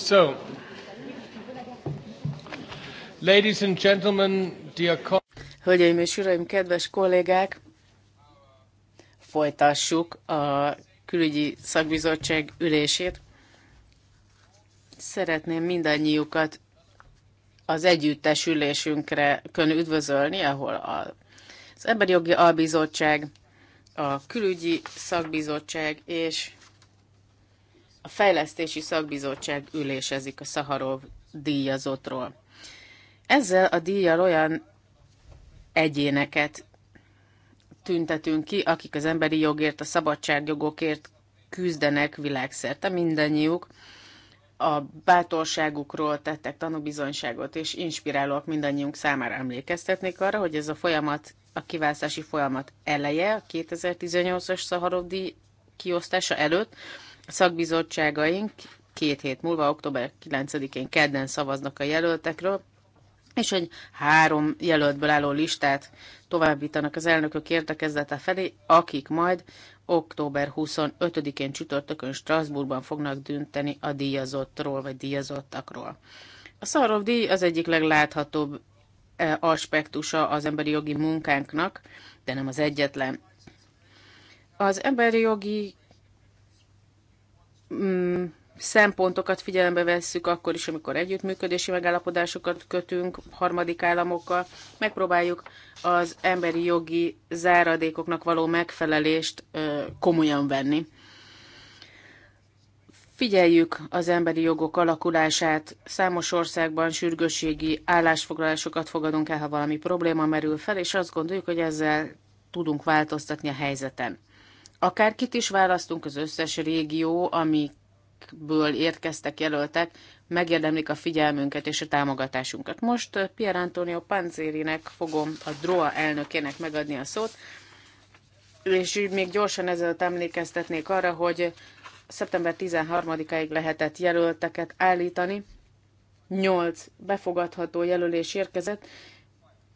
So, ladies and gentlemen, dear Hölgyeim és uraim, kedves kollégák, folytassuk a külügyi szakbizottság ülését. Szeretném mindannyiukat az együttes ülésünkre kön üdvözölni, ahol az Emberi Jogi Albizottság, a Külügyi Szakbizottság és a Fejlesztési Szakbizottság ülésezik a Szaharov díjazottról. Ezzel a díjjal olyan egyéneket tüntetünk ki, akik az emberi jogért, a szabadságjogokért küzdenek világszerte, mindannyiuk. A bátorságukról tettek tanúbizonyságot, és inspirálóak mindannyiunk számára emlékeztetnék arra, hogy ez a folyamat, a kiválasztási folyamat eleje, a 2018-as Szaharov díj kiosztása előtt, szakbizottságaink két hét múlva, október 9-én kedden szavaznak a jelöltekről, és egy három jelöltből álló listát továbbítanak az elnökök értekezlete felé, akik majd október 25-én csütörtökön Strasbourgban fognak dönteni a díjazottról vagy díjazottakról. A Szarov díj az egyik legláthatóbb e, aspektusa az emberi jogi munkánknak, de nem az egyetlen. Az emberi jogi mm, szempontokat figyelembe vesszük akkor is, amikor együttműködési megállapodásokat kötünk harmadik államokkal. Megpróbáljuk az emberi jogi záradékoknak való megfelelést ö, komolyan venni. Figyeljük az emberi jogok alakulását, számos országban sürgősségi állásfoglalásokat fogadunk el, ha valami probléma merül fel, és azt gondoljuk, hogy ezzel tudunk változtatni a helyzeten akárkit is választunk, az összes régió, amikből érkeztek jelöltek, megérdemlik a figyelmünket és a támogatásunkat. Most eh, Pier Antonio Panzérinek fogom a DROA elnökének megadni a szót, és még gyorsan ezzel emlékeztetnék arra, hogy szeptember 13-áig lehetett jelölteket állítani, 8 befogadható jelölés érkezett,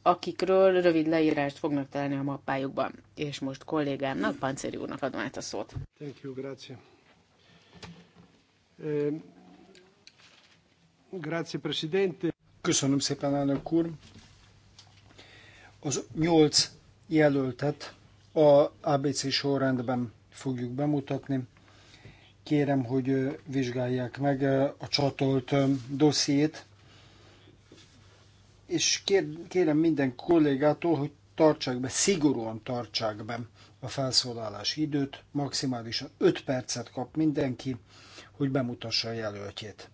akikről rövid leírást fognak találni a mappájukban. És most kollégámnak, Pancéri úrnak adom át a szót. Thank you, grazie. Eh, grazie, Presidente. Köszönöm szépen, elnök úr. Az nyolc jelöltet a ABC sorrendben fogjuk bemutatni. Kérem, hogy eh, vizsgálják meg eh, a csatolt dossziét, és kér, kérem minden kollégától, hogy tartsák be, szigorúan tartsák be a felszólalás időt, maximálisan 5 percet kap mindenki, hogy bemutassa a jelöltjét.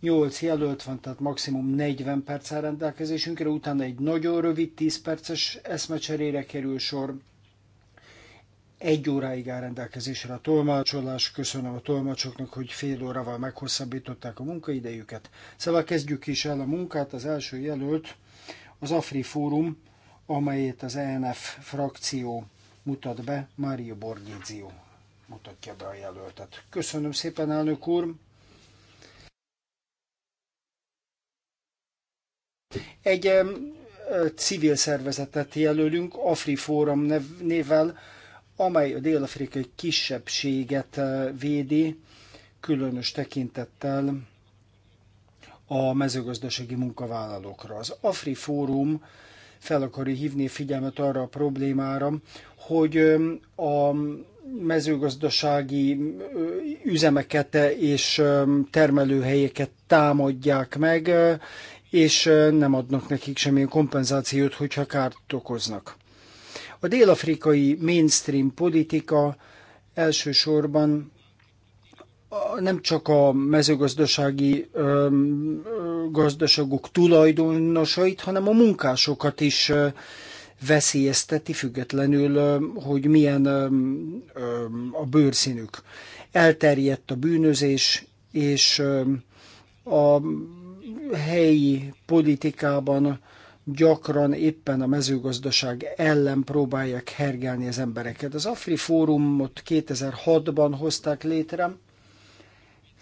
8 jelölt van, tehát maximum 40 perc áll rendelkezésünkre, utána egy nagyon rövid 10 perces eszmecserére kerül sor, egy óráig áll rendelkezésre a tolmácsolás. Köszönöm a tolmácsoknak, hogy fél órával meghosszabbították a munkaidejüket. Szóval kezdjük is el a munkát. Az első jelölt az Afri Fórum, amelyet az ENF frakció mutat be, Mário Borgézió mutatja be a jelöltet. Köszönöm szépen, elnök úr! Egy civil szervezetet jelölünk, Afri Fórum nével, amely a dél-afrikai kisebbséget eh, védi, különös tekintettel a mezőgazdasági munkavállalókra. Az Afri Fórum fel akarja hívni a figyelmet arra a problémára, hogy eh, a mezőgazdasági eh, üzemeket és termelőhelyeket támadják meg, és nem adnak nekik semmilyen kompenzációt, hogyha kárt okoznak. A dél-afrikai mainstream politika elsősorban nem csak a mezőgazdasági öm, gazdaságok tulajdonosait, hanem a munkásokat is veszélyezteti, függetlenül, hogy milyen a bőrszínük. Elterjedt a bűnözés, és a helyi politikában gyakran éppen a mezőgazdaság ellen próbálják hergelni az embereket. Az Afri Fórumot 2006-ban hozták létre,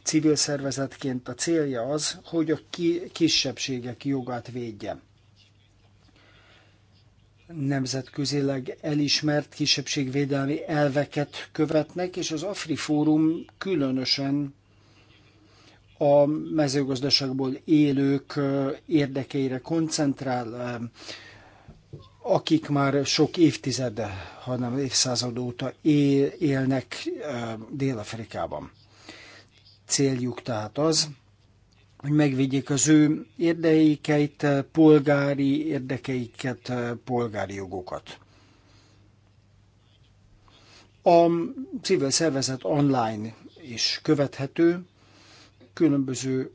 civil szervezetként a célja az, hogy a ki- kisebbségek jogát védje. Nemzetközileg elismert kisebbségvédelmi elveket követnek, és az Afri Fórum különösen a mezőgazdaságból élők érdekeire koncentrál, akik már sok évtizede, hanem évszázad óta él, élnek Dél-Afrikában. Céljuk tehát az, hogy megvédjék az ő érdekeiket, polgári érdekeiket, polgári jogokat. A civil szervezet online is követhető, különböző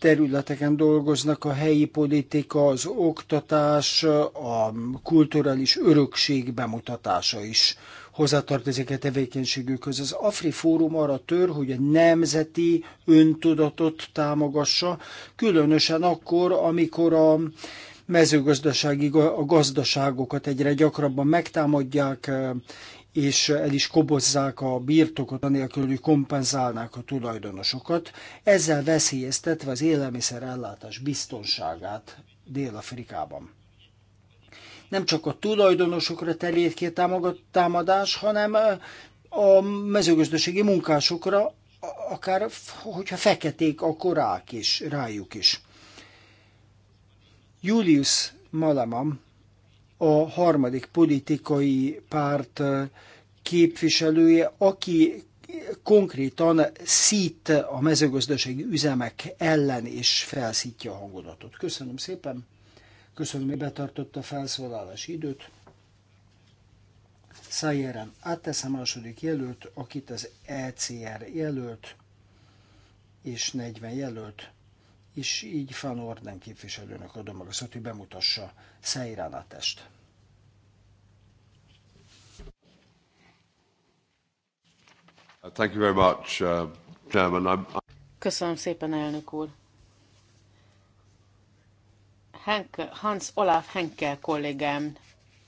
területeken dolgoznak, a helyi politika, az oktatás, a kulturális örökség bemutatása is hozzátartozik a tevékenységükhöz. Az Afri Fórum arra tör, hogy a nemzeti öntudatot támogassa, különösen akkor, amikor a mezőgazdasági a gazdaságokat egyre gyakrabban megtámadják, és el is kobozzák a birtokot, anélkül, hogy kompenzálnák a tulajdonosokat, ezzel veszélyeztetve az élelmiszerellátás biztonságát Dél-Afrikában. Nem csak a tulajdonosokra terjed ki a támadás, hanem a mezőgazdasági munkásokra, akár hogyha feketék, akkor rák is, rájuk is. Julius Malamam, a harmadik politikai párt képviselője, aki konkrétan szít a mezőgazdasági üzemek ellen és felszítja a hangulatot. Köszönöm szépen, köszönöm, hogy betartotta a felszólalási időt. Szájéren áttesz a második jelölt, akit az ECR jelölt, és 40 jelölt és így Fan Orden képviselőnek adom meg a szót, hogy bemutassa test. Uh, thank you very much, uh, Chairman. I'm, Köszönöm szépen, elnök úr. Henke, Hans Olaf Henkel kollégám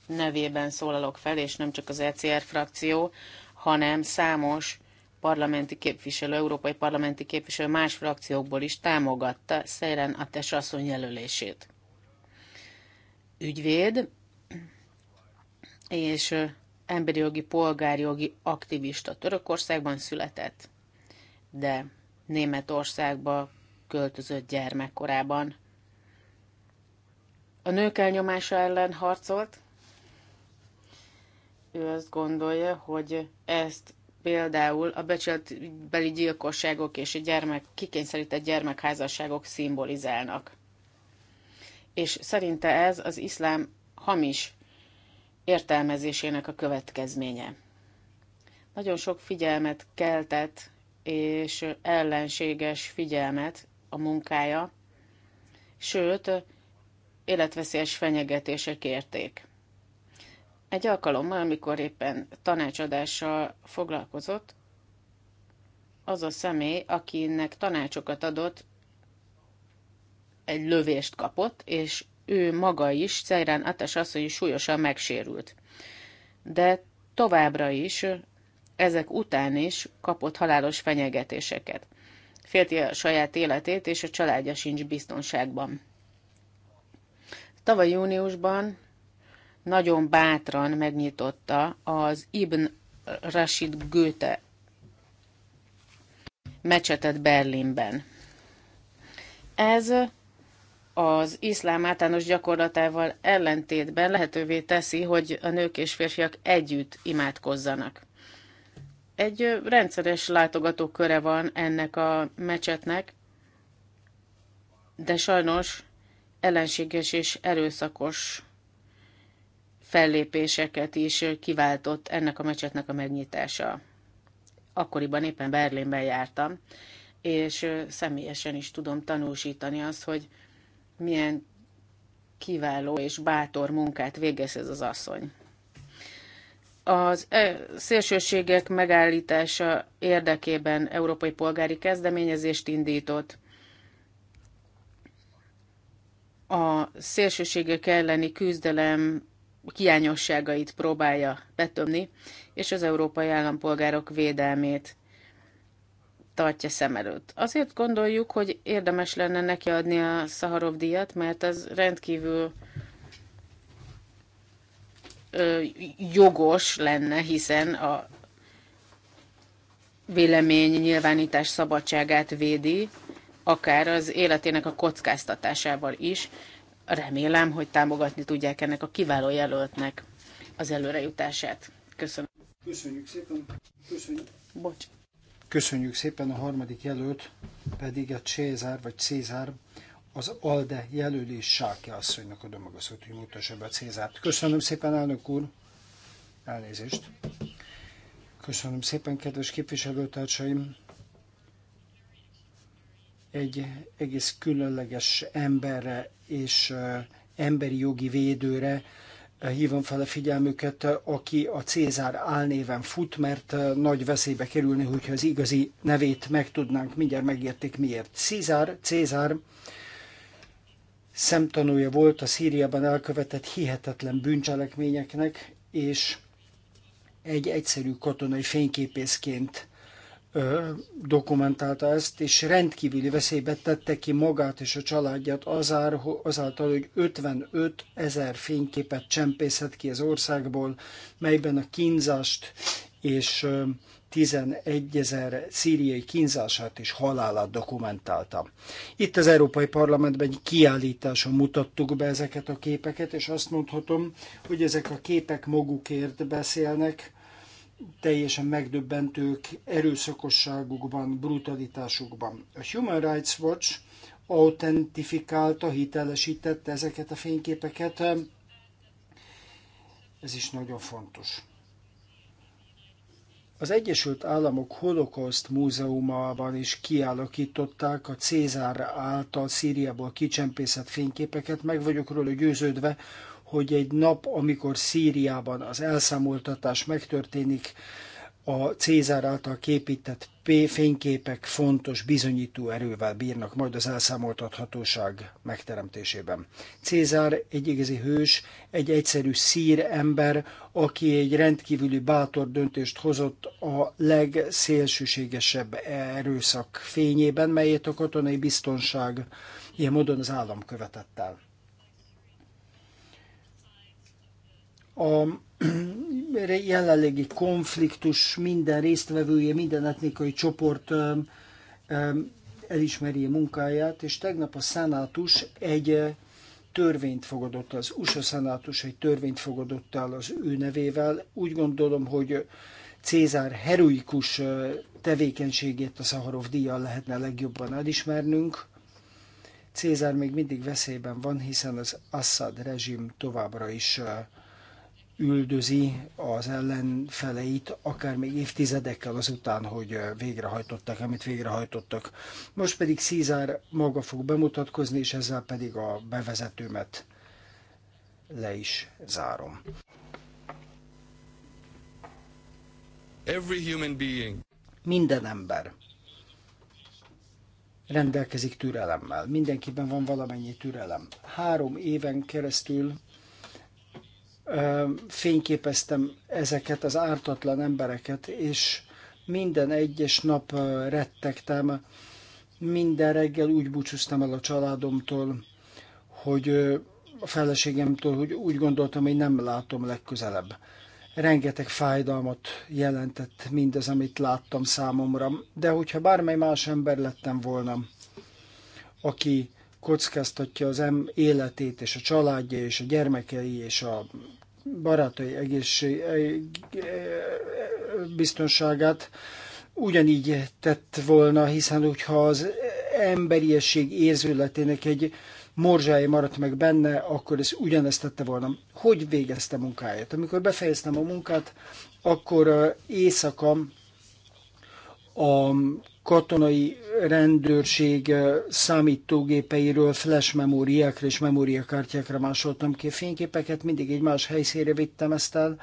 nevében szólalok fel, és nem csak az ECR frakció, hanem számos parlamenti képviselő, európai parlamenti képviselő más frakciókból is támogatta Szeren a tesasszony jelölését. Ügyvéd és emberi jogi, polgári jogi aktivista Törökországban született, de Németországba költözött gyermekkorában. A nők elnyomása ellen harcolt, ő azt gondolja, hogy ezt például a becsületbeli gyilkosságok és a gyermek, kikényszerített gyermekházasságok szimbolizálnak. És szerinte ez az iszlám hamis értelmezésének a következménye. Nagyon sok figyelmet keltett és ellenséges figyelmet a munkája, sőt, életveszélyes fenyegetések érték. Egy alkalommal, amikor éppen tanácsadással foglalkozott, az a személy, akinek tanácsokat adott, egy lövést kapott, és ő maga is, Ceirán Atas asszony is súlyosan megsérült. De továbbra is, ezek után is kapott halálos fenyegetéseket. Félti a saját életét, és a családja sincs biztonságban. Tavaly júniusban nagyon bátran megnyitotta az Ibn Rashid Goethe mecsetet Berlinben. Ez az iszlám általános gyakorlatával ellentétben lehetővé teszi, hogy a nők és férfiak együtt imádkozzanak. Egy rendszeres látogatóköre van ennek a mecsetnek, de sajnos ellenséges és erőszakos fellépéseket is kiváltott ennek a mecsetnek a megnyitása. Akkoriban éppen Berlinben jártam, és személyesen is tudom tanúsítani azt, hogy milyen kiváló és bátor munkát végez ez az asszony. Az szélsőségek megállítása érdekében európai polgári kezdeményezést indított. A szélsőségek elleni küzdelem kiányosságait próbálja betömni, és az európai állampolgárok védelmét tartja szem előtt. Azért gondoljuk, hogy érdemes lenne neki adni a Szaharov díjat, mert ez rendkívül ö, jogos lenne, hiszen a vélemény nyilvánítás szabadságát védi, akár az életének a kockáztatásával is, Remélem, hogy támogatni tudják ennek a kiváló jelöltnek az előrejutását. Köszönöm. Köszönjük szépen. Köszönjük. Bocs. Köszönjük szépen a harmadik jelölt, pedig a Cézár vagy Cézár, az ALDE jelölés Sáki asszonynak adom a szót, hogy mutassa be a Cézárt. Köszönöm szépen, elnök úr! Elnézést! Köszönöm szépen, kedves képviselőtársaim! egy egész különleges emberre és emberi jogi védőre hívom fel a figyelmüket, aki a Cézár álnéven fut, mert nagy veszélybe kerülni, hogyha az igazi nevét megtudnánk, mindjárt megértik miért. Cézár, Cézár szemtanúja volt a Szíriában elkövetett hihetetlen bűncselekményeknek, és egy egyszerű katonai fényképészként dokumentálta ezt, és rendkívüli veszélybe tette ki magát és a családját azáltal, hogy 55 ezer fényképet csempészett ki az országból, melyben a kínzást és 11 ezer szíriai kínzását és halálát dokumentálta. Itt az Európai Parlamentben egy kiállításon mutattuk be ezeket a képeket, és azt mondhatom, hogy ezek a képek magukért beszélnek, teljesen megdöbbentők erőszakosságukban, brutalitásukban. A Human Rights Watch autentifikálta, hitelesítette ezeket a fényképeket. Ez is nagyon fontos. Az Egyesült Államok Holokauszt Múzeumában is kialakították a Cézár által Szíriából kicsempészett fényképeket. Meg vagyok róla győződve, hogy egy nap, amikor Szíriában az elszámoltatás megtörténik, a Cézár által képített fényképek fontos bizonyító erővel bírnak majd az elszámoltathatóság megteremtésében. Cézár egy igazi hős, egy egyszerű szír ember, aki egy rendkívüli bátor döntést hozott a legszélsőségesebb erőszak fényében, melyet a katonai biztonság ilyen módon az állam követett el. A jelenlegi konfliktus minden résztvevője, minden etnikai csoport elismeri a munkáját, és tegnap a szenátus egy törvényt fogadott, az USA szenátus egy törvényt fogadott el az ő nevével. Úgy gondolom, hogy Cézár heroikus tevékenységét a Szaharov díjjal lehetne legjobban elismernünk. Cézár még mindig veszélyben van, hiszen az Assad rezsim továbbra is üldözi az ellenfeleit, akár még évtizedekkel azután, hogy végrehajtották, amit végrehajtottak. Most pedig Cézár maga fog bemutatkozni, és ezzel pedig a bevezetőmet le is zárom. Every human being. Minden ember rendelkezik türelemmel. Mindenkiben van valamennyi türelem. Három éven keresztül fényképeztem ezeket az ártatlan embereket, és minden egyes nap rettegtem, minden reggel úgy búcsúztam el a családomtól, hogy a feleségemtől, hogy úgy gondoltam, hogy nem látom legközelebb. Rengeteg fájdalmat jelentett mindez, amit láttam számomra, de hogyha bármely más ember lettem volna, aki kockáztatja az em életét, és a családja, és a gyermekei, és a barátai egészség, eh, biztonságát, ugyanígy tett volna, hiszen hogyha az emberiesség érzőletének egy morzsája maradt meg benne, akkor ez ugyanezt tette volna. Hogy végezte munkáját? Amikor befejeztem a munkát, akkor eh, éjszaka a katonai rendőrség eh, számítógépeiről flash memóriákra és memóriakártyákra másoltam ki fényképeket, mindig egy más helyszínre vittem ezt el,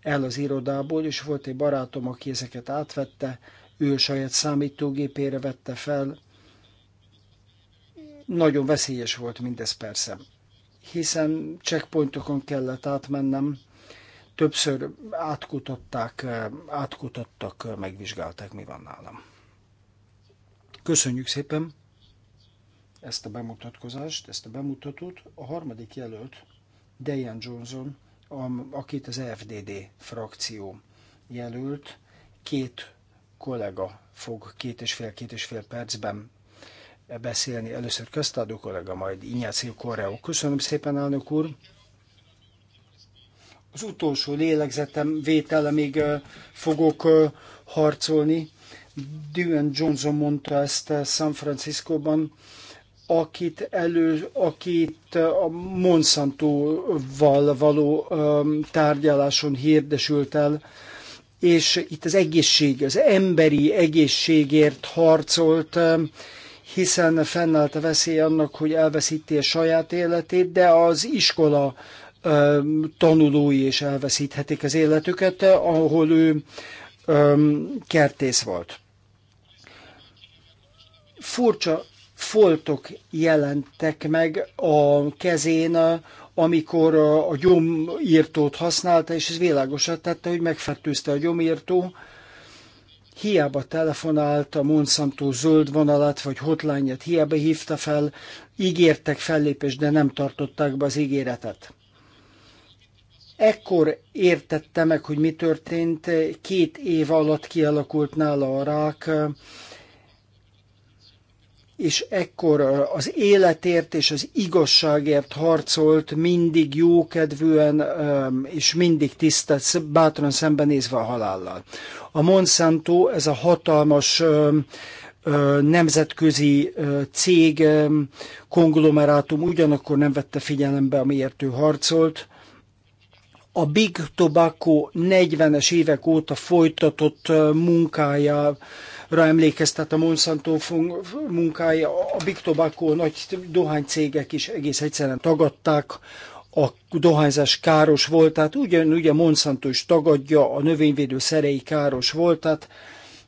el az irodából, és volt egy barátom, aki ezeket átvette, ő saját számítógépére vette fel. Nagyon veszélyes volt mindez persze, hiszen checkpointokon kellett átmennem, többször átkutatták, eh, átkutattak, eh, megvizsgálták, mi van nálam. Köszönjük szépen ezt a bemutatkozást, ezt a bemutatót. A harmadik jelölt, Dejan Johnson, akit az FDD frakció jelölt, két kollega fog két és fél-két és fél percben beszélni. Először köztadó kollega, majd Ignácio Correo. Köszönöm szépen, elnök úr! Az utolsó lélegzetem vétele még fogok harcolni. Dwayne Johnson mondta ezt San Franciscóban, akit, elő, akit a Monsanto-val való tárgyaláson hirdesült el, és itt az egészség, az emberi egészségért harcolt, hiszen fennállt a veszély annak, hogy elveszíti a saját életét, de az iskola tanulói is elveszíthetik az életüket, ahol ő öm, kertész volt. Furcsa foltok jelentek meg a kezén, amikor a gyomírtót használta, és ez világosat tette, hogy megfertőzte a gyomírtó. Hiába telefonált a Monsanto zöld vonalat, vagy hotline hiába hívta fel, ígértek fellépést, de nem tartották be az ígéretet. Ekkor értette meg, hogy mi történt, két év alatt kialakult nála a rák, és ekkor az életért és az igazságért harcolt, mindig jókedvűen és mindig tisztelt, bátran szembenézve a halállal. A Monsanto, ez a hatalmas nemzetközi cég, konglomerátum ugyanakkor nem vette figyelembe, amiért ő harcolt, a Big Tobacco 40-es évek óta folytatott munkája, emlékeztet a Monsanto munkája. A Big Tobacco nagy dohánycégek is egész egyszerűen tagadták a dohányzás káros voltát, ugyanúgy a Monsanto is tagadja a növényvédő szerei káros voltát.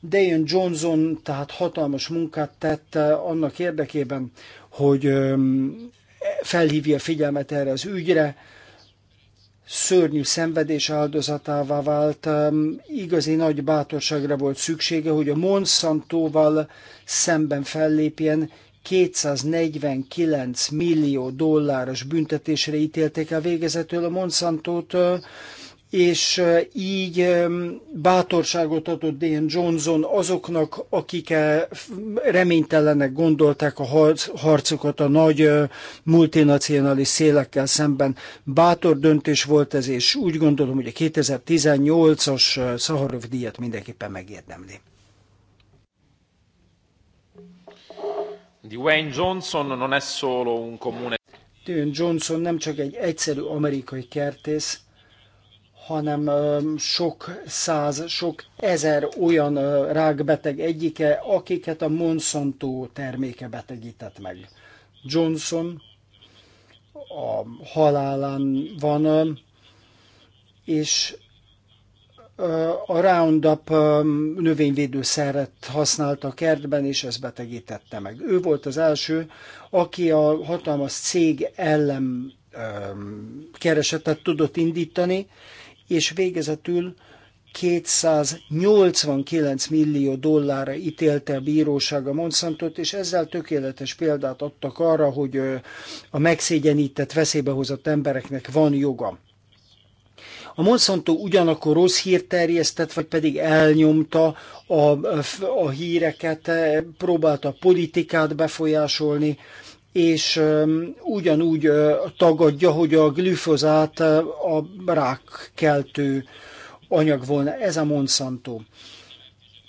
Dejan Johnson tehát hatalmas munkát tett annak érdekében, hogy felhívja figyelmet erre az ügyre, szörnyű szenvedés áldozatává vált, igazi nagy bátorságra volt szüksége, hogy a Monsantóval szemben fellépjen, 249 millió dolláros büntetésre ítélték el végezetül a Monsantót, és így bátorságot adott Dan Johnson azoknak, akik reménytelenek gondolták a harcokat a nagy multinacionális szélekkel szemben. Bátor döntés volt ez, és úgy gondolom, hogy a 2018-as Szaharov díjat mindenképpen megérdemli. Dwayne Johnson non è solo un comune. Dwayne Johnson nem csak egy egyszerű amerikai kertész, hanem sok száz, sok ezer olyan rákbeteg egyike, akiket a Monsanto terméke betegített meg. Johnson a halálán van, és a Roundup növényvédőszeret használta a kertben, és ez betegítette meg. Ő volt az első, aki a hatalmas cég ellen keresetet tudott indítani, és végezetül 289 millió dollárra ítélte a bíróság a Monsantot, és ezzel tökéletes példát adtak arra, hogy a megszégyenített, hozott embereknek van joga. A Monsanto ugyanakkor rossz hírt terjesztett, vagy pedig elnyomta a, a híreket, próbálta a politikát befolyásolni, és ugyanúgy tagadja, hogy a glifozát a rák keltő anyag volna. Ez a Monsanto.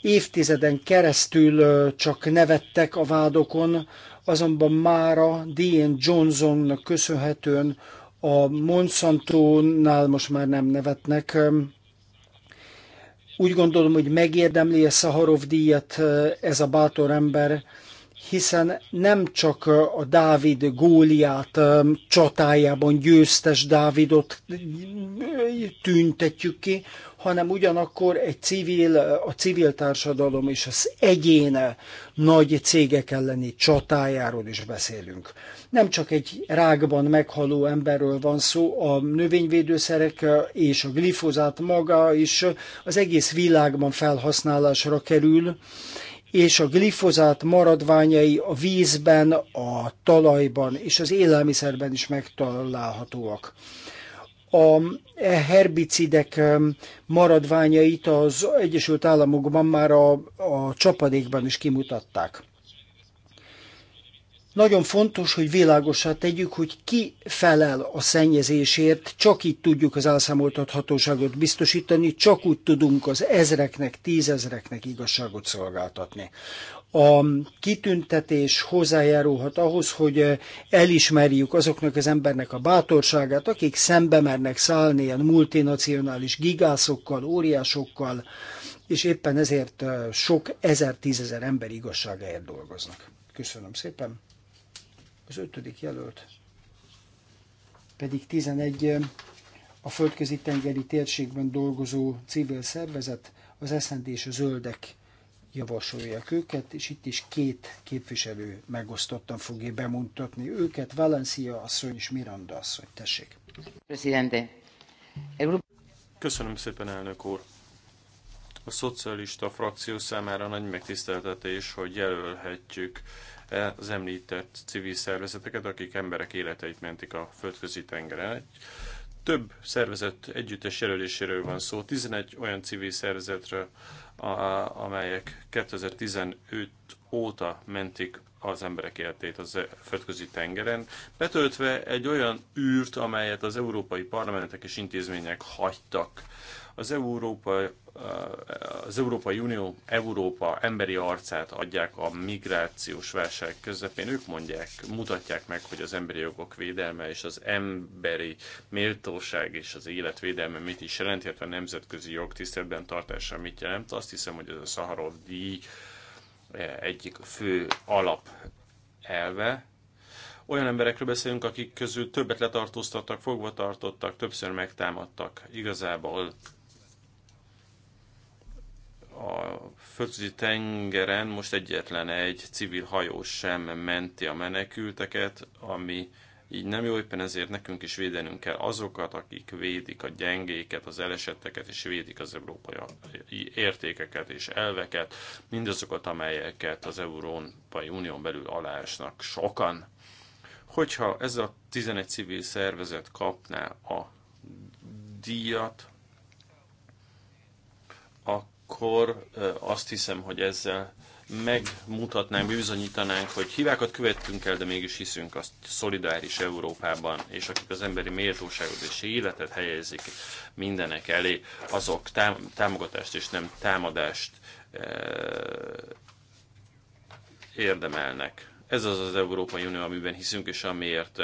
Évtizeden keresztül csak nevettek a vádokon, azonban mára D.N. Johnsonnak köszönhetően a Monsanto-nál most már nem nevetnek. Úgy gondolom, hogy megérdemli a Szaharov díjat ez a bátor ember, hiszen nem csak a Dávid Góliát um, csatájában győztes Dávidot um, tüntetjük ki, hanem ugyanakkor egy civil, a civil társadalom és az egyéne nagy cégek elleni csatájáról is beszélünk. Nem csak egy rákban meghaló emberről van szó, a növényvédőszerek és a glifozát maga is az egész világban felhasználásra kerül, és a glifozát maradványai a vízben, a talajban és az élelmiszerben is megtalálhatóak. A e herbicidek e, maradványait az Egyesült Államokban már a, a csapadékban is kimutatták. Nagyon fontos, hogy világosá tegyük, hogy ki felel a szennyezésért, csak így tudjuk az elszámoltathatóságot biztosítani, csak úgy tudunk az ezreknek, tízezreknek igazságot szolgáltatni. A kitüntetés hozzájárulhat ahhoz, hogy eh, elismerjük azoknak az embernek a bátorságát, akik szembe mernek szállni ilyen multinacionális gigászokkal, óriásokkal, és éppen ezért eh, sok ezer, tízezer ember igazságáért dolgoznak. Köszönöm szépen! Az ötödik jelölt pedig 11 a földközi tengeri térségben dolgozó civil szervezet, az SZND és a Zöldek javasolják őket, és itt is két képviselő megosztottan fogja bemutatni őket, Valencia asszony és Miranda asszony. Tessék! Köszönöm szépen, elnök úr! A szocialista frakció számára nagy megtiszteltetés, hogy jelölhetjük e az említett civil szervezeteket, akik emberek életeit mentik a földközi tengeren. Több szervezet együttes jelöléséről van szó, 11 olyan civil szervezetről, amelyek 2015 óta mentik az emberek életét az földközi tengeren, betöltve egy olyan űrt, amelyet az európai parlamentek és intézmények hagytak. Az Európai az Európai Unió, Európa emberi arcát adják a migrációs válság közepén. Ők mondják, mutatják meg, hogy az emberi jogok védelme és az emberi méltóság és az életvédelme mit is jelent, illetve a nemzetközi jog tiszteletben tartása mit jelent. Azt hiszem, hogy ez a Szaharov díj eh, egyik fő alap elve, olyan emberekről beszélünk, akik közül többet letartóztattak, fogva tartottak, többször megtámadtak. Igazából földközi tengeren most egyetlen egy civil hajó sem menti a menekülteket, ami így nem jó, éppen ezért nekünk is védenünk kell azokat, akik védik a gyengéket, az elesetteket, és védik az európai értékeket és elveket, mindazokat, amelyeket az Európai Unión belül alásnak sokan. Hogyha ez a 11 civil szervezet kapná a díjat, akkor akkor azt hiszem, hogy ezzel megmutatnánk, bizonyítanánk, hogy hibákat követtünk el, de mégis hiszünk azt szolidáris Európában, és akik az emberi méltóságot és életet helyezik mindenek elé, azok tám- támogatást és nem támadást érdemelnek. Ez az az Európai Unió, amiben hiszünk és amiért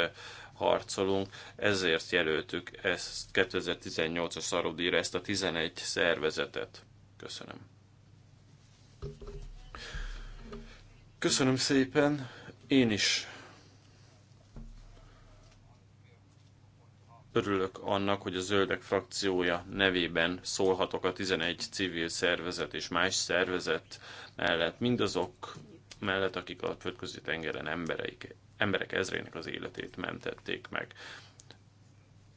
harcolunk, ezért jelöltük ezt 2018-as szarodíra, ezt a 11 szervezetet. Köszönöm. Köszönöm szépen. Én is örülök annak, hogy a Zöldek frakciója nevében szólhatok a 11 civil szervezet és más szervezet mellett, mindazok mellett, akik a földközi tengeren embereik, emberek ezrének az életét mentették meg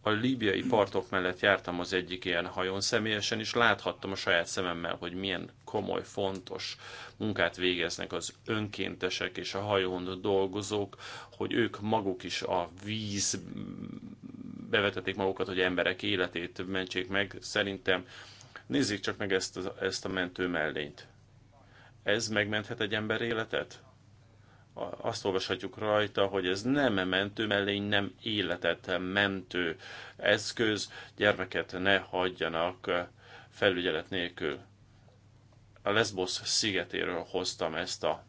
a líbiai partok mellett jártam az egyik ilyen hajón személyesen, és láthattam a saját szememmel, hogy milyen komoly, fontos munkát végeznek az önkéntesek és a hajón dolgozók, hogy ők maguk is a víz bevetették magukat, hogy emberek életét mentsék meg. Szerintem nézzék csak meg ezt a, ezt a mentő mellényt. Ez megmenthet egy ember életet? azt olvashatjuk rajta, hogy ez nem -e mentő mellény, nem életet mentő eszköz, gyermeket ne hagyjanak felügyelet nélkül. A Lesbos szigetéről hoztam ezt a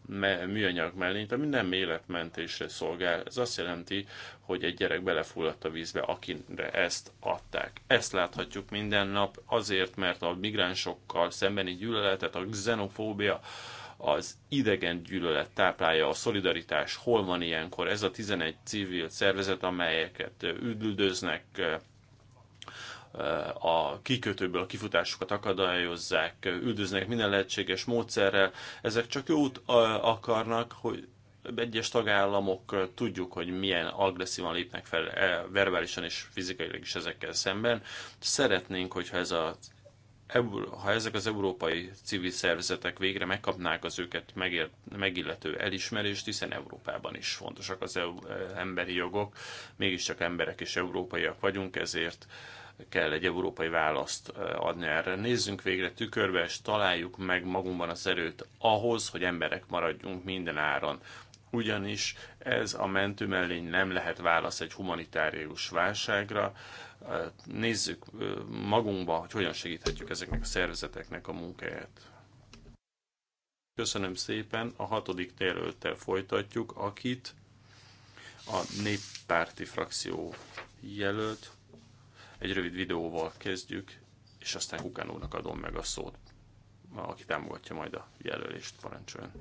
műanyag mellényt, ami nem életmentésre szolgál. Ez azt jelenti, hogy egy gyerek belefulladt a vízbe, akinre ezt adták. Ezt láthatjuk minden nap azért, mert a migránsokkal szembeni gyűlöletet, a xenofóbia, az idegen gyűlölet táplálja a szolidaritás, hol van ilyenkor ez a 11 civil szervezet, amelyeket üldöznek, eh, a kikötőből a kifutásukat akadályozzák, üldöznek minden lehetséges módszerrel. Ezek csak jót eh, akarnak, hogy egyes tagállamok eh, tudjuk, hogy milyen agresszívan lépnek fel verbálisan és fizikailag is ezekkel szemben. Szeretnénk, hogyha ez az ha ezek az európai civil szervezetek végre megkapnák az őket megért, megillető elismerést, hiszen Európában is fontosak az emberi jogok, mégiscsak emberek és európaiak vagyunk, ezért kell egy európai választ adni erre. Nézzünk végre tükörbe, és találjuk meg magunkban az erőt ahhoz, hogy emberek maradjunk minden áron. Ugyanis ez a mentőmellény nem lehet válasz egy humanitárius válságra, nézzük magunkba, hogy hogyan segíthetjük ezeknek a szervezeteknek a munkáját. Köszönöm szépen, a hatodik térőttel folytatjuk, akit a néppárti frakció jelölt. Egy rövid videóval kezdjük, és aztán Kukán úrnak adom meg a szót, aki támogatja majd a jelölést, parancsoljon.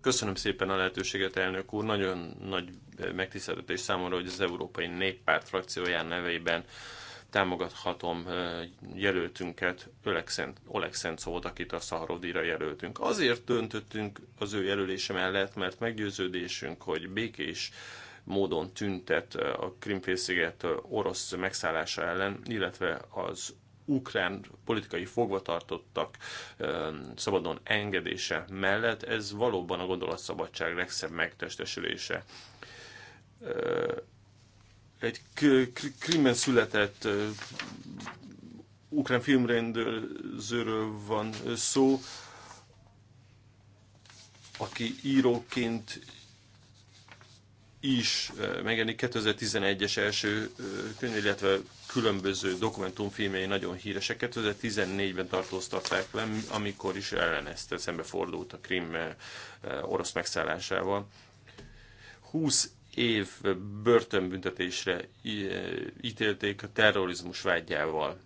Köszönöm szépen a lehetőséget, elnök úr. Nagyon nagy eh, megtiszteltetés számomra, hogy az Európai Néppárt frakcióján nevében támogathatom eh, jelöltünket, Oleg Szentszót, akit a Szaharodira jelöltünk. Azért döntöttünk az ő jelölése mellett, mert meggyőződésünk, hogy békés módon tüntet eh, a Krimfélsziget orosz megszállása ellen, illetve az ukrán politikai fogvatartottak szabadon engedése mellett, ez valóban a gondolatszabadság legszebb megtestesülése. Egy krimen született ukrán filmrendezőről van szó, aki íróként is megjelenik 2011-es első könyv, illetve különböző dokumentumfilmjei nagyon híresek. 2014-ben tartóztatták le, amikor is ellenezte, fordult a Krim eh, eh, orosz megszállásával. 20 év börtönbüntetésre eh, ítélték a terrorizmus vágyával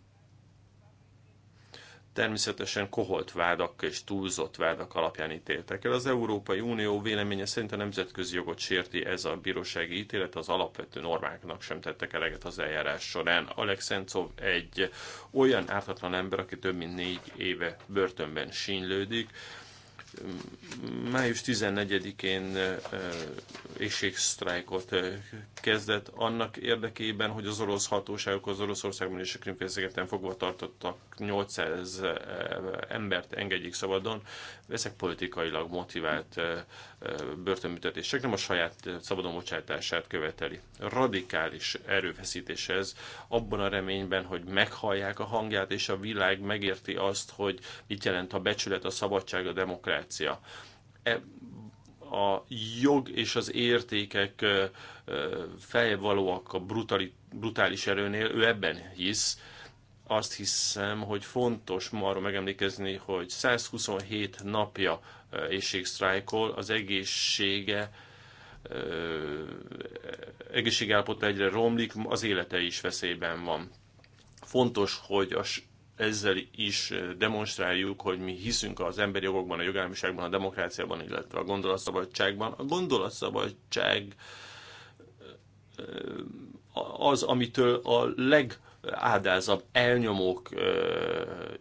természetesen koholt vádak és túlzott vádak alapján ítéltek el. Az Európai Unió véleménye szerint a nemzetközi jogot sérti ez a bírósági ítélet, az alapvető normáknak sem tettek eleget az eljárás során. Alexencov egy olyan ártatlan ember, aki több mint négy éve börtönben sínylődik, május 14-én éjségsztrájkot kezdett annak érdekében, hogy az orosz hatóságok az Oroszországban és a Krimfélszigeten fogva tartottak 800 embert engedjék szabadon ezek politikailag motivált börtönbüntetések nem a saját szabadon bocsátását követeli. Radikális erőfeszítés ez, abban a reményben, hogy meghallják a hangját, és a világ megérti azt, hogy mit jelent a becsület, a szabadság, a demokrácia. E, a jog és az értékek feljebb valóak a brutali, brutális erőnél, ő ebben hisz, azt hiszem, hogy fontos ma arról megemlékezni, hogy 127 napja éjségsztrájkol, az egészsége egészségállapota egyre romlik, az élete is veszélyben van. Fontos, hogy a, ezzel is demonstráljuk, hogy mi hiszünk az emberi jogokban, a jogállamiságban, a demokráciában, illetve a gondolatszabadságban. A gondolatszabadság az, amitől a leg áldázabb elnyomók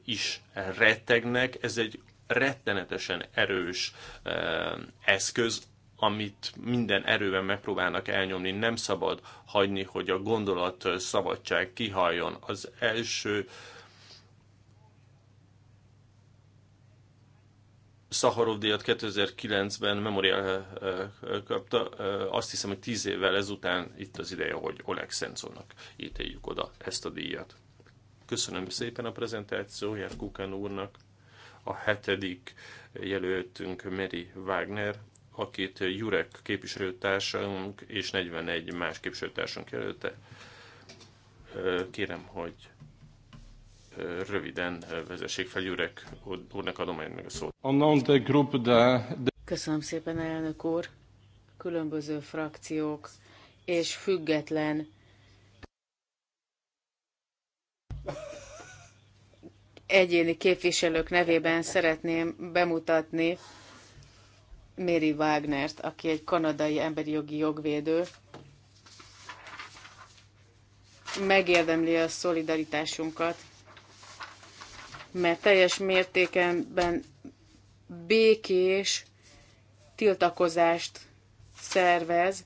is rettegnek. Ez egy rettenetesen erős eszköz, amit minden erővel megpróbálnak elnyomni. Nem szabad hagyni, hogy a gondolat szabadság kihaljon. Az első Szaharov díjat 2009-ben Memorial eh, eh, kapta, eh, azt hiszem, hogy tíz évvel ezután itt az ideje, hogy Oleg Szencónak ítéljük oda ezt a díjat. Köszönöm szépen a prezentációját Kukán úrnak. A hetedik jelöltünk Mary Wagner, akit Jurek képviselőtársunk és 41 más képviselőtársunk jelölte. Kérem, hogy röviden eh, vezessék fel, Jurek úrnak adom én meg a szót. Köszönöm szépen, elnök úr. Különböző frakciók és független egyéni képviselők nevében szeretném bemutatni Mary Wagnert, aki egy kanadai emberi jogi jogvédő. Megérdemli a szolidaritásunkat mert teljes mértékenben békés tiltakozást szervez,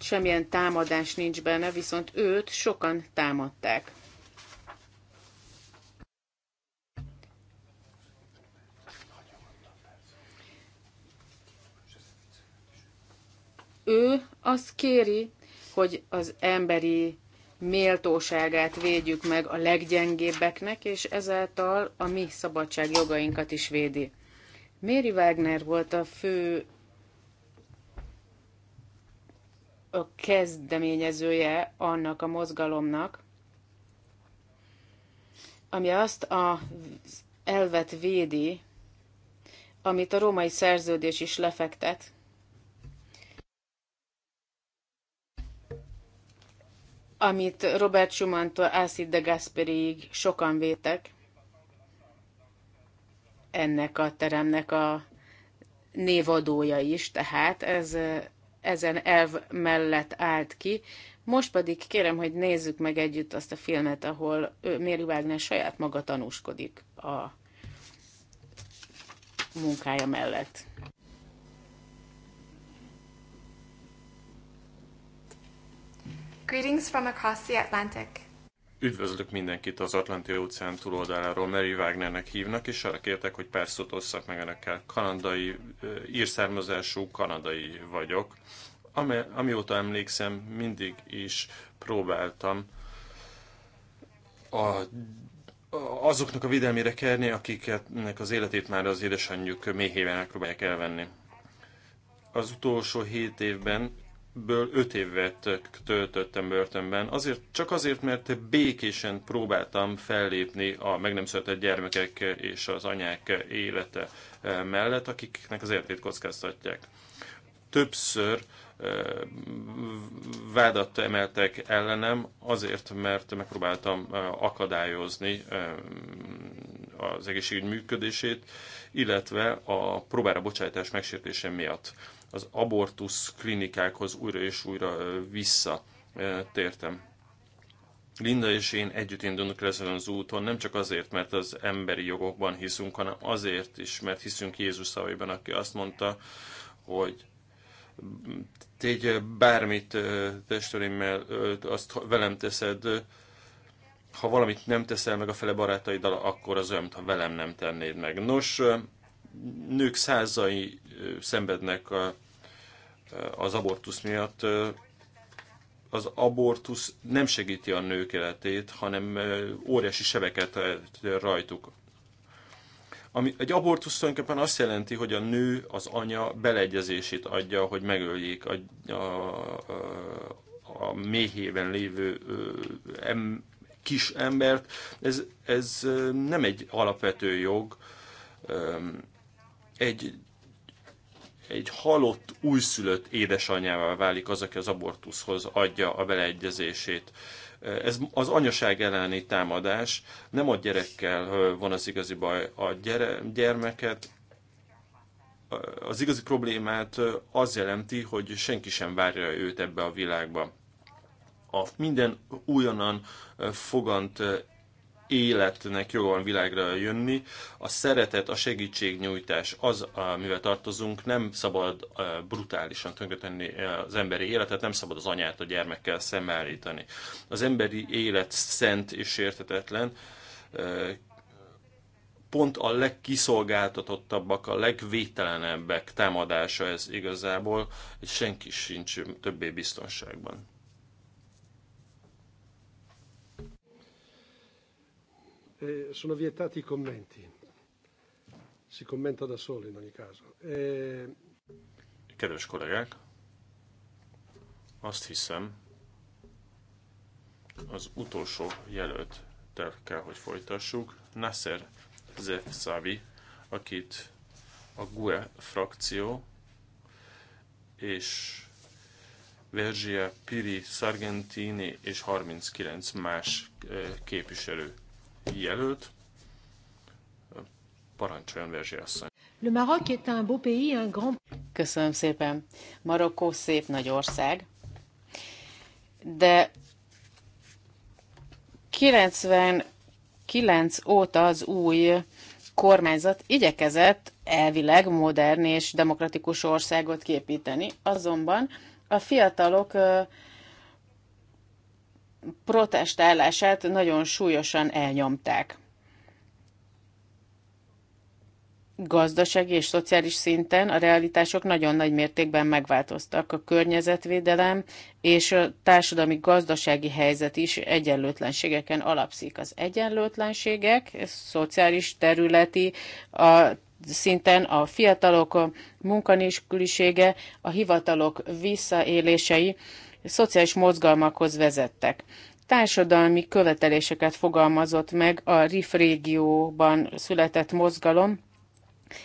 semmilyen támadás nincs benne, viszont őt sokan támadták. Ő azt kéri, hogy az emberi méltóságát védjük meg a leggyengébbeknek, és ezáltal a mi szabadságjogainkat is védi. Méri Wagner volt a fő a kezdeményezője annak a mozgalomnak, ami azt a elvet védi, amit a római szerződés is lefektet, amit Robert Schumann-tól Acid de Gasperiig sokan vétek, ennek a teremnek a névadója is, tehát ez ezen elv mellett állt ki. Most pedig kérem, hogy nézzük meg együtt azt a filmet, ahol Mary Wagner saját maga tanúskodik a munkája mellett. Greetings from across the Atlantic. Üdvözlök mindenkit az Atlanti óceán túloldaláról, Mary Wagnernek hívnak, és arra kértek, hogy pár szót osszak meg önökkel. Kanadai, írszármazású kanadai vagyok. Ami, amióta emlékszem, mindig is próbáltam a azoknak a védelmére kerni, akiknek az életét már az édesanyjuk méhében megpróbálják elvenni. Az utolsó hét évben ből öt évet töltöttem börtönben, azért, csak azért, mert békésen próbáltam fellépni a meg nem született gyermekek és az anyák élete eh, mellett, akiknek az életét kockáztatják. Többször eh, vádat emeltek ellenem azért, mert megpróbáltam eh, akadályozni az egészségügy működését, illetve a próbára bocsátás megsértése miatt az abortusz klinikákhoz újra és újra visszatértem. Linda és én együtt indulunk ezen az úton, nem csak azért, mert az emberi jogokban hiszünk, hanem azért is, mert hiszünk Jézus szavaiban, aki azt mondta, hogy tégy bármit testőrimmel, azt velem teszed, ha valamit nem teszel meg a fele barátaiddal, akkor az olyan, ha velem nem tennéd meg. Nos, nők százai szenvednek a az abortusz miatt az abortusz nem segíti a nők életét, hanem óriási sebeket rajtuk. Ami, egy abortusz tulajdonképpen azt jelenti, hogy a nő az anya beleegyezését adja, hogy megöljék a, a, a, a méhében lévő em, kis embert. Ez, ez nem egy alapvető jog. Egy egy halott, újszülött édesanyjává válik az, aki az abortuszhoz adja a beleegyezését. Ez az anyaság elleni támadás, nem a gyerekkel van az igazi baj, a gyere, gyermeket, az igazi problémát az jelenti, hogy senki sem várja őt ebbe a világba. A minden újonnan fogant életnek joga van világra jönni. A szeretet, a segítségnyújtás az, amivel tartozunk, nem szabad brutálisan tönkretenni az emberi életet, nem szabad az anyát a gyermekkel szemállítani. Az emberi élet szent és értetetlen, pont a legkiszolgáltatottabbak, a legvételenebbek támadása ez igazából, hogy senki sincs többé biztonságban. Eh, sono vietati i commenti. Si commenta da solo in ogni caso. Eh... Kedves kollégák, azt hiszem, az utolsó jelölt terv kell, hogy folytassuk. Nasser Zefzavi, akit a GUE frakció és Vergia Piri Sargentini és 39 más eh, képviselő jelölt. Parancsoljon, Verzsi asszony. Le Maroc est un beau pays, un grand... Köszönöm szépen. Marokkó szép nagy ország, de 99 óta az új kormányzat igyekezett elvileg modern és demokratikus országot képíteni, azonban a fiatalok protestálását nagyon súlyosan elnyomták. Gazdasági és szociális szinten a realitások nagyon nagy mértékben megváltoztak. A környezetvédelem és a társadalmi gazdasági helyzet is egyenlőtlenségeken alapszik. Az egyenlőtlenségek szociális, területi, a szinten a fiatalok munkanélkülisége, a hivatalok visszaélései szociális mozgalmakhoz vezettek. Társadalmi követeléseket fogalmazott meg a RIF régióban született mozgalom,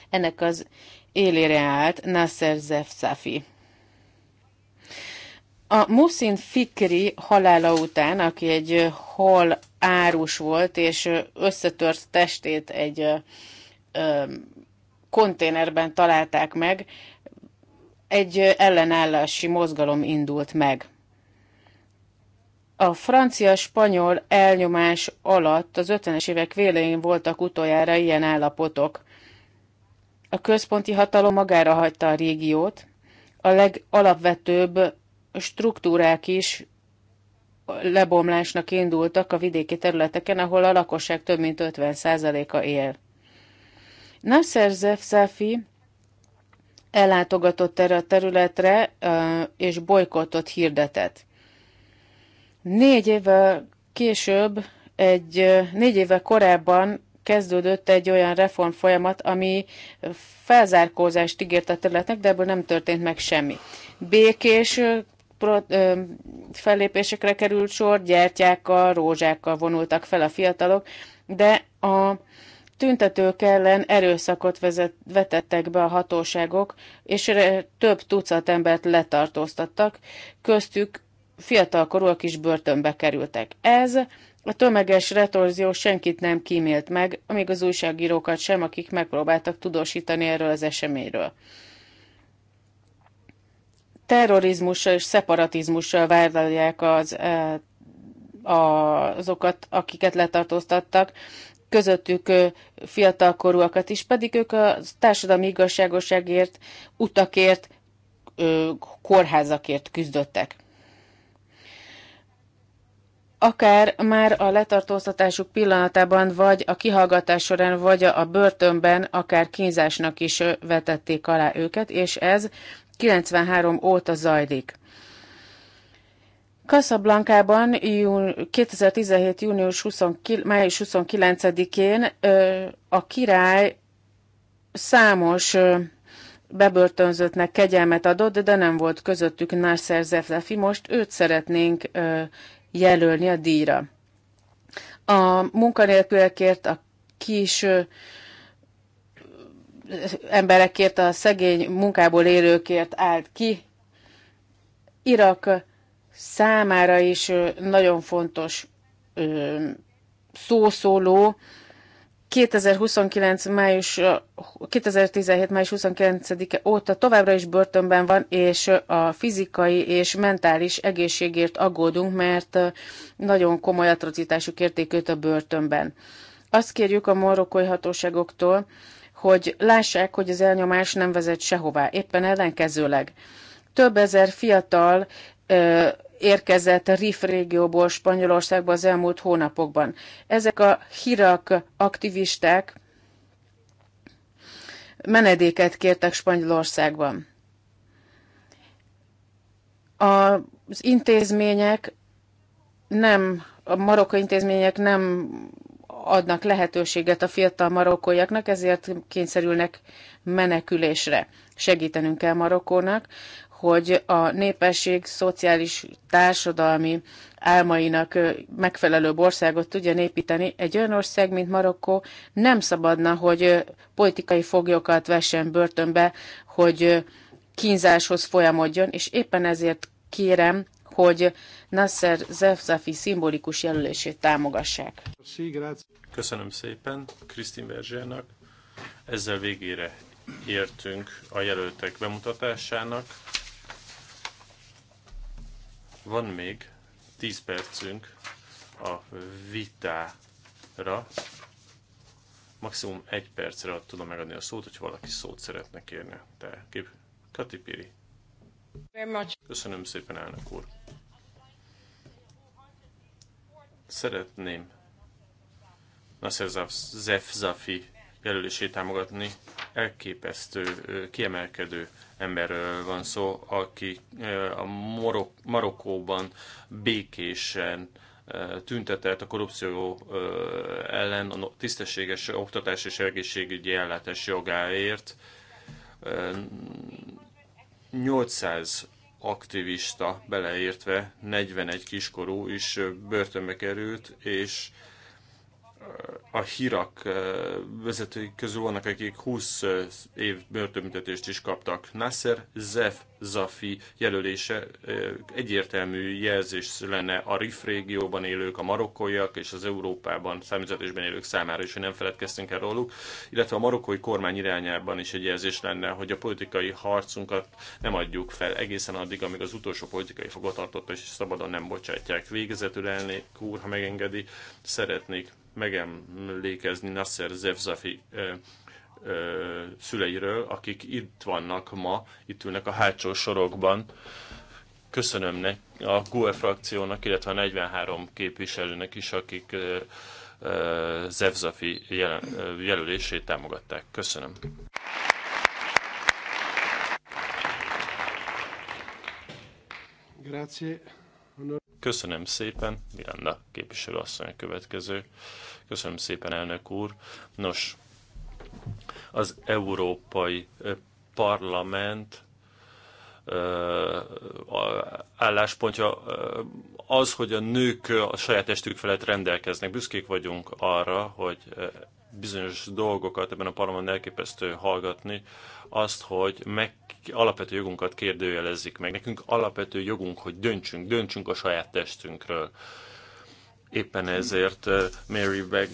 ennek az élére állt Nasser Zefzafi. A Musin Fikri halála után, aki egy hal árus volt, és összetört testét egy ö, konténerben találták meg, egy ellenállási mozgalom indult meg. A francia-spanyol elnyomás alatt az 50-es évek vélein voltak utoljára ilyen állapotok. A központi hatalom magára hagyta a régiót, a legalapvetőbb struktúrák is lebomlásnak indultak a vidéki területeken, ahol a lakosság több mint 50%-a él. Nasser Zefzafi ellátogatott erre a területre, és bolykottot hirdetett. Négy évvel később, egy négy éve korábban kezdődött egy olyan reform folyamat, ami felzárkózást ígért a területnek, de ebből nem történt meg semmi. Békés fellépésekre került sor, gyertyákkal, rózsákkal vonultak fel a fiatalok, de a tüntetők ellen erőszakot vezet, vetettek be a hatóságok, és több tucat embert letartóztattak, köztük fiatalkorúak is börtönbe kerültek. Ez a tömeges retorzió senkit nem kímélt meg, amíg az újságírókat sem, akik megpróbáltak tudósítani erről az eseményről. Terrorizmussal és szeparatizmussal várdalják az, eh, azokat, akiket letartóztattak, közöttük fiatalkorúakat is, pedig ők a társadalmi igazságoságért, utakért, kórházakért küzdöttek. Akár már a letartóztatásuk pillanatában, vagy a kihallgatás során, vagy a börtönben, akár kínzásnak is vetették alá őket, és ez 93 óta zajlik. Casablanca-ban 2017. június 29, május 29-én a király számos bebörtönzöttnek kegyelmet adott, de nem volt közöttük Nasser Zeflefi, most őt szeretnénk jelölni a díjra. A munkanélkülekért, a kis emberekért, a szegény munkából élőkért állt ki. Irak számára is nagyon fontos szószóló. 2029. május, 2017. május 29-e óta továbbra is börtönben van, és a fizikai és mentális egészségért aggódunk, mert nagyon komoly atrocitásuk érték őt a börtönben. Azt kérjük a morokkói hatóságoktól, hogy lássák, hogy az elnyomás nem vezet sehová, éppen ellenkezőleg. Több ezer fiatal érkezett a RIF régióból Spanyolországba az elmúlt hónapokban. Ezek a hirak aktivisták menedéket kértek Spanyolországban. Az intézmények nem, a marokkói intézmények nem adnak lehetőséget a fiatal marokkóiaknak, ezért kényszerülnek menekülésre. Segítenünk kell Marokkónak, hogy a népesség szociális, társadalmi álmainak megfelelő országot tudja építeni. Egy olyan ország, mint Marokkó nem szabadna, hogy politikai foglyokat vessen börtönbe, hogy kínzáshoz folyamodjon, és éppen ezért kérem, hogy Nasser Zefzafi szimbolikus jelölését támogassák. Köszönöm szépen Krisztin Verzsérnak. Ezzel végére értünk a jelöltek bemutatásának. Van még 10 percünk a vitára. Maximum egy percre tudom megadni a szót, hogyha valaki szót szeretne kérni. Te, kép. Kati Piri. Köszönöm szépen, elnök úr. Szeretném Nasser Zafzafi jelölését támogatni elképesztő, kiemelkedő emberről van szó, aki a Marok Marokkóban békésen tüntetett a korrupció ellen, a tisztességes oktatás és egészségügyi ellátás jogáért. 800 aktivista beleértve 41 kiskorú is börtönbe került, és a hírak vezetői közül vannak, akik 20 év börtönbüntetést is kaptak. Nasser Zef Zafi jelölése egyértelmű jelzés lenne a RIF régióban élők, a marokkóiak és az Európában számüzetésben élők számára is, hogy nem feledkeztünk el róluk, illetve a marokkói kormány irányában is egy jelzés lenne, hogy a politikai harcunkat nem adjuk fel egészen addig, amíg az utolsó politikai fogatartott és szabadon nem bocsátják. Végezetül elnék úr, ha megengedi, szeretnék megemlékezni Nasser Zevzafi szüleiről, akik itt vannak ma, itt ülnek a hátsó sorokban. Köszönöm ne, a GUE frakciónak, illetve a 43 képviselőnek is, akik ö, ö, Zevzafi jel, ö, jelölését támogatták. Köszönöm. Grazie. Köszönöm szépen, Miranda képviselő asszony a következő. Köszönöm szépen, elnök úr. Nos, az Európai Parlament álláspontja az, hogy a nők a saját testük felett rendelkeznek. Büszkék vagyunk arra, hogy bizonyos dolgokat ebben a parlamentben elképesztő hallgatni, azt, hogy meg alapvető jogunkat kérdőjelezik meg. Nekünk alapvető jogunk, hogy döntsünk, döntsünk a saját testünkről. Éppen ezért eh, Mary eh,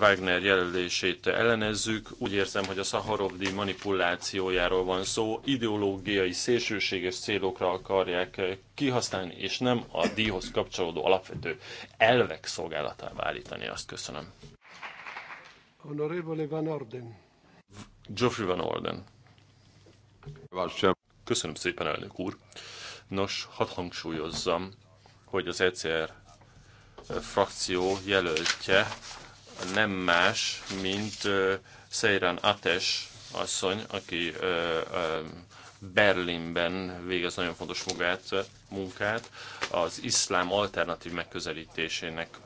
Wagner jelölését ellenezzük. Úgy érzem, hogy a Szaharovdi manipulációjáról van szó. Ideológiai szélsőséges célokra akarják eh, kihasználni, és nem a díjhoz kapcsolódó alapvető elvek szolgálatába állítani. Azt köszönöm. Honorable Van Orden. Geoffrey Van Orden. Köszönöm szépen, elnök úr. Nos, hadd hangsúlyozzam, hogy az ECR frakció jelöltje nem más, mint Szeiran Ates asszony, aki Berlinben végez nagyon fontos munkát, munkát az iszlám alternatív megközelítésének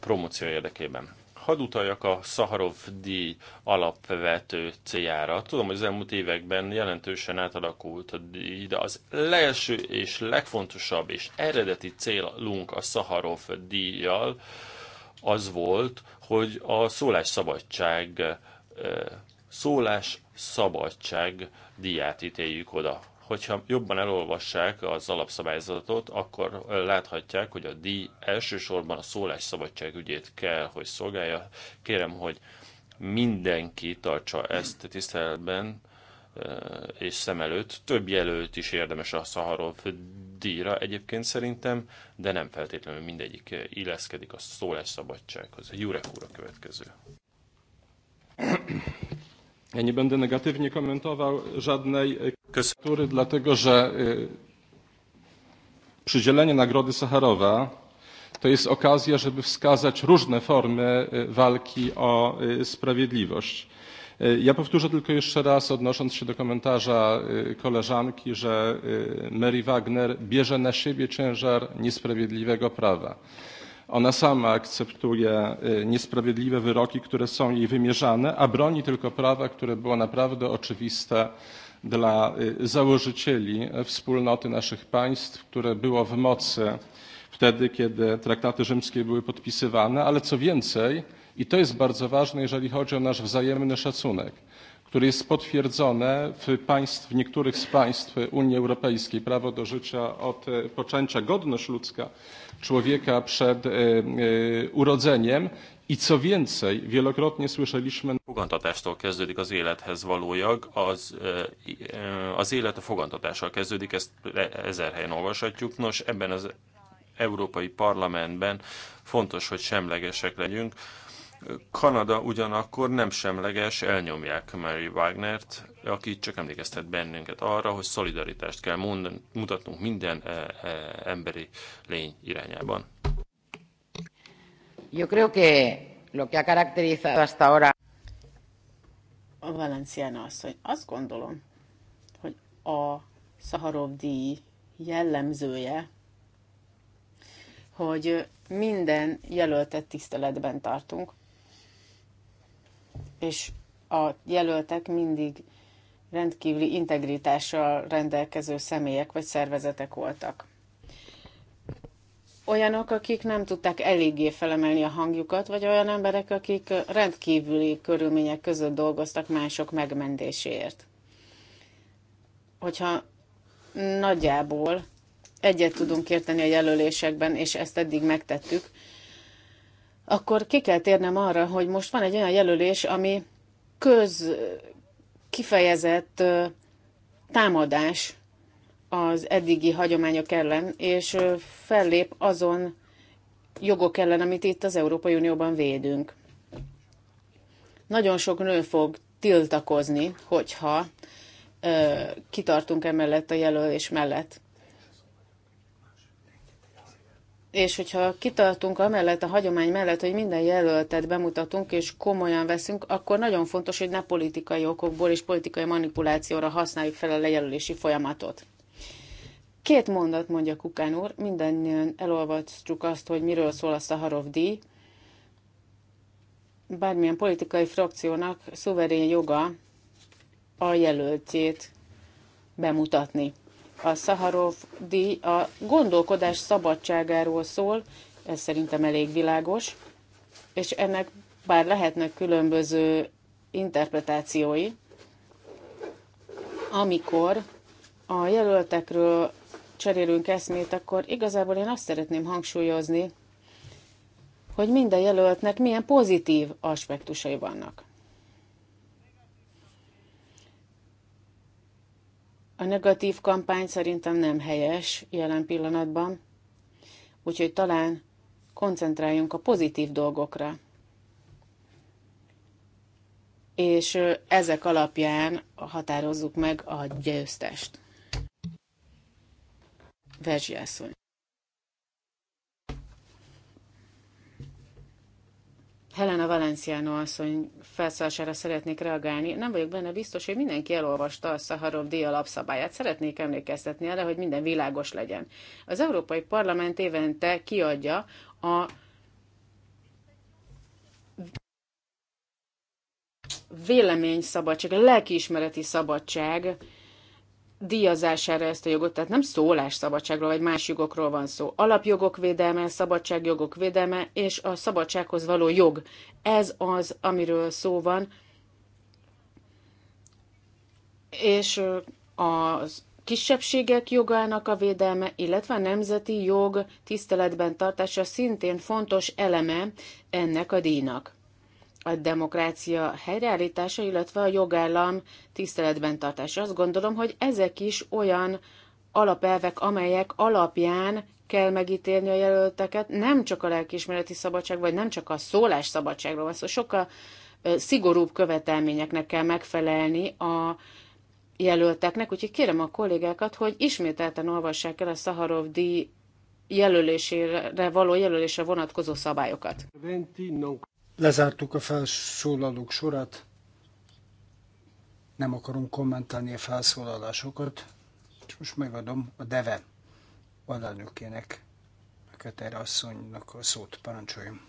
promóció érdekében. Hadd utaljak a Szaharov díj alapvető céljára. Tudom, hogy az elmúlt években jelentősen átalakult a díj, de az első és legfontosabb és eredeti célunk a Szaharov díjjal az volt, hogy a szólásszabadság szólás szabadság díját ítéljük oda hogyha jobban elolvassák az alapszabályzatot, akkor láthatják, hogy a díj elsősorban a szólásszabadság ügyét kell, hogy szolgálja. Kérem, hogy mindenki tartsa ezt tiszteletben eh, és szem előtt. Több jelölt is érdemes a Szaharov díjra egyébként szerintem, de nem feltétlenül mindegyik illeszkedik a szólásszabadsághoz. Jurek úr a következő. Ja nie będę negatywnie komentował żadnej który Dlatego, że przydzielenie Nagrody Sacharowa to jest okazja, żeby wskazać różne formy walki o sprawiedliwość. Ja powtórzę tylko jeszcze raz, odnosząc się do komentarza koleżanki, że Mary Wagner bierze na siebie ciężar niesprawiedliwego prawa. Ona sama akceptuje niesprawiedliwe wyroki, które są jej wymierzane, a broni tylko prawa, które było naprawdę oczywiste dla założycieli wspólnoty naszych państw, które było w mocy wtedy, kiedy traktaty rzymskie były podpisywane, ale co więcej, i to jest bardzo ważne, jeżeli chodzi o nasz wzajemny szacunek, który jest potwierdzony w, państw, w niektórych z państw Unii Europejskiej. Prawo do życia od poczęcia, godność ludzka człowieka przed urodzeniem I co więcej, wielokrotnie słyszeliśmy... Fogantatástól kezdődik az élethez való jog, az, e, e, az élet a fogantatással kezdődik, ezt e, ezer helyen olvashatjuk. Nos, ebben az Európai Parlamentben fontos, hogy semlegesek legyünk. Kanada ugyanakkor nem semleges, elnyomják Mary Wagner-t, aki csak emlékeztet bennünket arra, hogy szolidaritást kell mutatnunk minden emberi lény irányában. Yo creo que lo que ha caracterizado hasta ahora a Valenciana asszony, azt gondolom, hogy a Szaharov díj jellemzője, hogy minden jelöltet tiszteletben tartunk, és a jelöltek mindig rendkívüli integritással rendelkező személyek vagy szervezetek voltak olyanok, akik nem tudták eléggé felemelni a hangjukat, vagy olyan emberek, akik rendkívüli körülmények között dolgoztak mások megmentéséért. Hogyha nagyjából egyet tudunk érteni a jelölésekben, és ezt eddig megtettük, akkor ki kell térnem arra, hogy most van egy olyan jelölés, ami köz kifejezett támadás az eddigi hagyományok ellen, és fellép azon jogok ellen, amit itt az Európai Unióban védünk. Nagyon sok nő fog tiltakozni, hogyha ö, kitartunk emellett a jelölés mellett. És hogyha kitartunk amellett a hagyomány mellett, hogy minden jelöltet bemutatunk és komolyan veszünk, akkor nagyon fontos, hogy ne politikai okokból és politikai manipulációra használjuk fel a lejelölési folyamatot. Két mondat mondja Kukán úr, mindannyian elolvatjuk azt, hogy miről szól a Szaharov díj. Bármilyen politikai frakciónak szuverén joga a jelöltjét bemutatni. A Szaharov díj a gondolkodás szabadságáról szól, ez szerintem elég világos, és ennek bár lehetnek különböző interpretációi, amikor a jelöltekről cserélünk eszmét, akkor igazából én azt szeretném hangsúlyozni, hogy minden jelöltnek milyen pozitív aspektusai vannak. A negatív kampány szerintem nem helyes jelen pillanatban, úgyhogy talán koncentráljunk a pozitív dolgokra. És ezek alapján határozzuk meg a győztest. Verzsi Helena Valenciano asszony felszállására szeretnék reagálni. Nem vagyok benne biztos, hogy mindenki elolvasta a Szaharov díj alapszabályát. Szeretnék emlékeztetni arra, hogy minden világos legyen. Az Európai Parlament évente kiadja a véleményszabadság, a lelkiismereti szabadság díjazására ezt a jogot, tehát nem szólásszabadságról vagy más jogokról van szó. Alapjogok védelme, szabadságjogok védelme és a szabadsághoz való jog. Ez az, amiről szó van. És a kisebbségek jogának a védelme, illetve a nemzeti jog tiszteletben tartása szintén fontos eleme ennek a díjnak a demokrácia helyreállítása, illetve a jogállam tiszteletben tartása. Azt gondolom, hogy ezek is olyan alapelvek, amelyek alapján kell megítélni a jelölteket, nem csak a lelkiismereti szabadság, vagy nem csak a szólás szabadságról van szó, szóval sokkal szigorúbb követelményeknek kell megfelelni a jelölteknek, úgyhogy kérem a kollégákat, hogy ismételten olvassák el a Szaharov díj jelölésére való jelölésre vonatkozó szabályokat. Lezártuk a felszólalók sorát. Nem akarom kommentálni a felszólalásokat, és most megadom a Deve alelnökének, a Keter asszonynak a szót. Parancsoljon!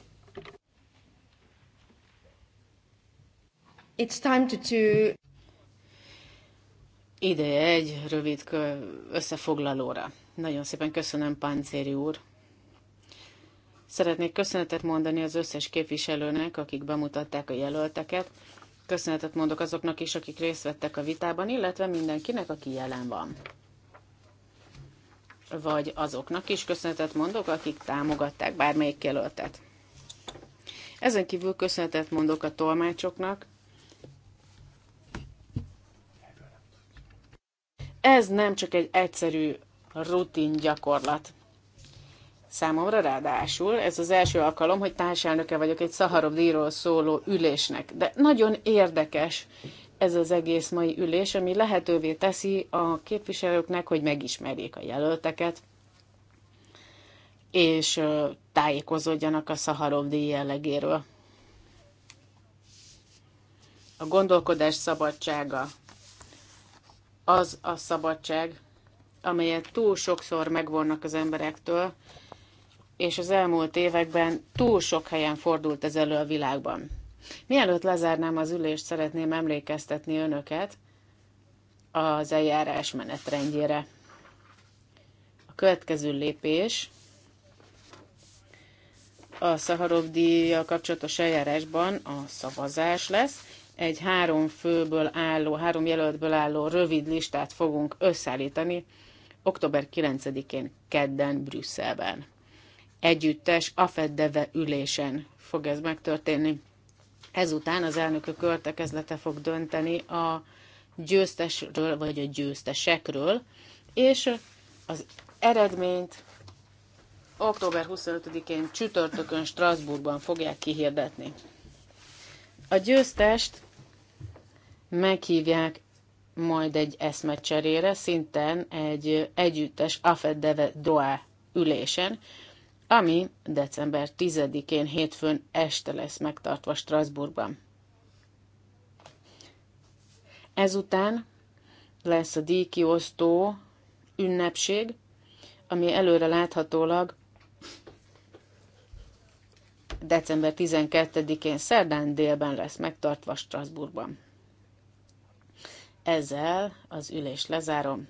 It's time to, to... Ideje egy rövid összefoglalóra. Nagyon szépen köszönöm, Páncéri úr, Szeretnék köszönetet mondani az összes képviselőnek, akik bemutatták a jelölteket. Köszönetet mondok azoknak is, akik részt vettek a vitában, illetve mindenkinek, aki jelen van. Vagy azoknak is köszönetet mondok, akik támogatták bármelyik jelöltet. Ezen kívül köszönetet mondok a tolmácsoknak. Ez nem csak egy egyszerű rutin gyakorlat. Számomra ráadásul ez az első alkalom, hogy társelnöke vagyok egy Szaharov díjról szóló ülésnek, de nagyon érdekes ez az egész mai ülés, ami lehetővé teszi a képviselőknek, hogy megismerjék a jelölteket, és tájékozódjanak a Szaharov díj jellegéről. A gondolkodás szabadsága az a szabadság, amelyet túl sokszor megvonnak az emberektől, és az elmúlt években túl sok helyen fordult ez elő a világban. Mielőtt lezárnám az ülést, szeretném emlékeztetni önöket az eljárás menetrendjére. A következő lépés a Szaharov díjjal kapcsolatos eljárásban a szavazás lesz. Egy három főből álló, három jelöltből álló rövid listát fogunk összeállítani október 9-én kedden Brüsszelben együttes afeddeve ülésen fog ez megtörténni. Ezután az elnökök öltekezlete fog dönteni a győztesről vagy a győztesekről, és az eredményt október 25-én csütörtökön Strasbourgban fogják kihirdetni. A győztest meghívják majd egy eszmecserére, szinten egy együttes Afeddeve Doá ülésen, ami december 10-én hétfőn este lesz megtartva Strasbourgban. Ezután lesz a díjkiosztó ünnepség, ami előre láthatólag december 12-én szerdán délben lesz megtartva Strasbourgban. Ezzel az ülés lezárom.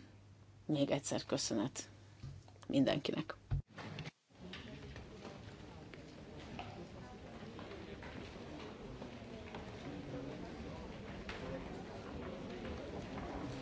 Még egyszer köszönet mindenkinek.